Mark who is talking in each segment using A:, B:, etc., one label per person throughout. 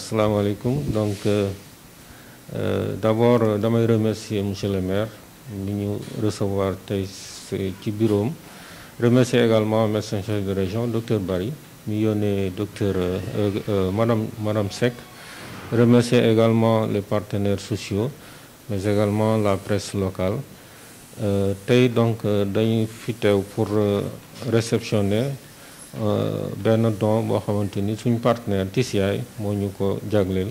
A: Assalamu donc euh, euh, d'abord je euh, remercier monsieur le maire de recevoir ce bureau Je remercie également médecin chef de région Dr Barry mi yónnee docteur madame madame Sec. remercier également les partenaires sociaux mais également la presse locale tey donc dañuy fi pour réceptionner Euh, benn don boo xamante ni suñ partenaire TCI moo ñu ko jagleel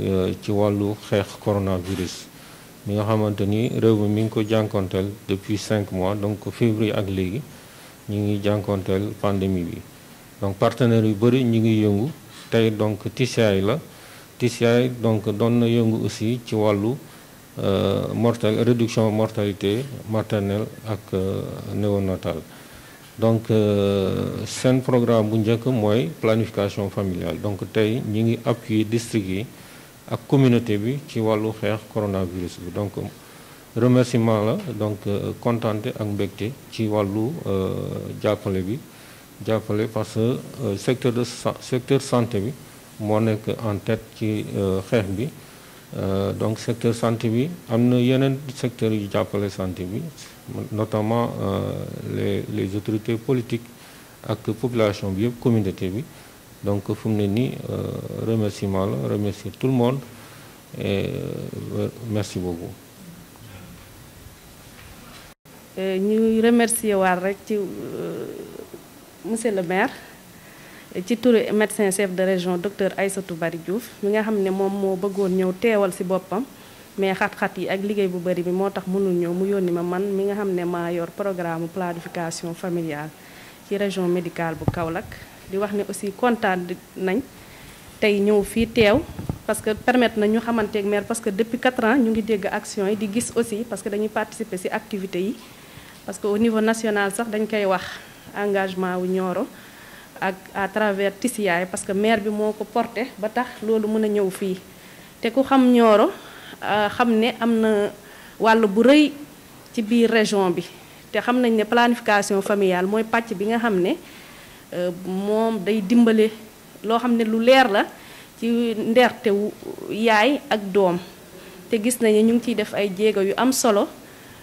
A: euh, ci wàllu xeex coronavirus mi nga xamante ni réew mi mi ngi ko jànkonteel depuis cinq mois donc février ak léegi ñu ngi jànkonteel pandémie bi donc partenaires yu bëri ñu ngi yëngu tey donc TCI la TCI donc doon na yëngu aussi ci wàllu euh, mortel réduction mortalité maternelle ak néonatale donc euh, seen programme bu njëkk mooy planification familiale donc tey ñi ngi appuyer district yi ak communauté bi ci wàllu xeex coronavirus bi donc remerciement la donc kontante euh, ak mbégte ci wàllu euh, jàppale bi jàppale parce que secteur de secteur santé bi moo nekk en tête ci xeex bi Euh, donc secteur santé bi am na yeneen secteur yu jàppale santé bi notamment euh, les les autorités politiques ak population bi yëpp communauté bi donc fu mu ne nii euh, remerciement la remercier tout le monde et merci beaucoup.
B: ñuy remercier waat rek ci monsieur le maire. ci turu médecin chef de région docteur Aïssatou Bari Diouf mi nga xam mom mo moo bëggoon ñëw teewal si boppam mais xat-xat yi ak liggéey bu bari bi motax tax mënul ñëw mu yoni ma man mi nga xam ma yor programme planification familiale ci région médicale bu Kaolack di wax ne aussi kontaan nañ tay ñëw fi teew parce que permettre na ñu xamanté ak maire parce que depuis 4 ans ñu ngi dégg action yi di gis aussi parce que dañuy participer ci activité yi parce que au niveau national sax dañ koy wax engagement wu ñoro ak à travers Tisiyaay parce que maire bi moo ko porté ba tax loolu mën a ñëw fii te ku xam ñooro euh, xam ne am na wàll bu rëy ci biir région bi te xam nañ ne planification familiale mooy pàcc bi nga xam ne euh, moom day dimbale loo xam ne lu leer la ci ndeertewu yaay ak doom te gis nañu ñu ngi ciy def ay jéego yu am solo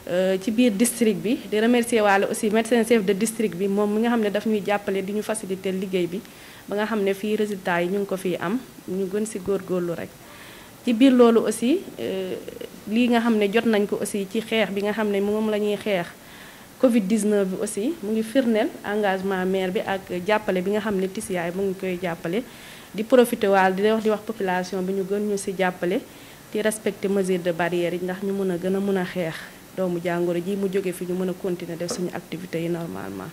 B: Euh, ci biir district bi di remercier waalo aussi médecin chef de district bi moom mi nga xam ne daf ñuy jàppale di ñu faciliter liggéey bi ba nga xam ne fii résultat yi ñu ngi ko fiy am ñu gën si góor góorlu rek ci biir loolu aussi euh, lii nga xam ne jot nañ ko aussi ci xeex bi nga xam ne moom la ñuy xeex covid 19 bi aussi mu ngi firndeel engagement maire bi ak jàppale bi nga xam ne Tisiaay mu ngi koy jàppale di profité waal di wax di wax population bi ñu gën ñu si jàppale di respecter mesure de barrière yi ndax ñu mën a gën a mën a xeex doomu jàngoro ji mu jóge fi ñu mën a continuer def suñu activité yi normalement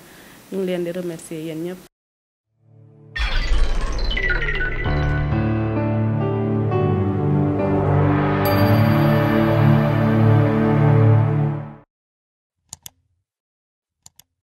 B: ñu ngi leen di remercier yéen ñëpp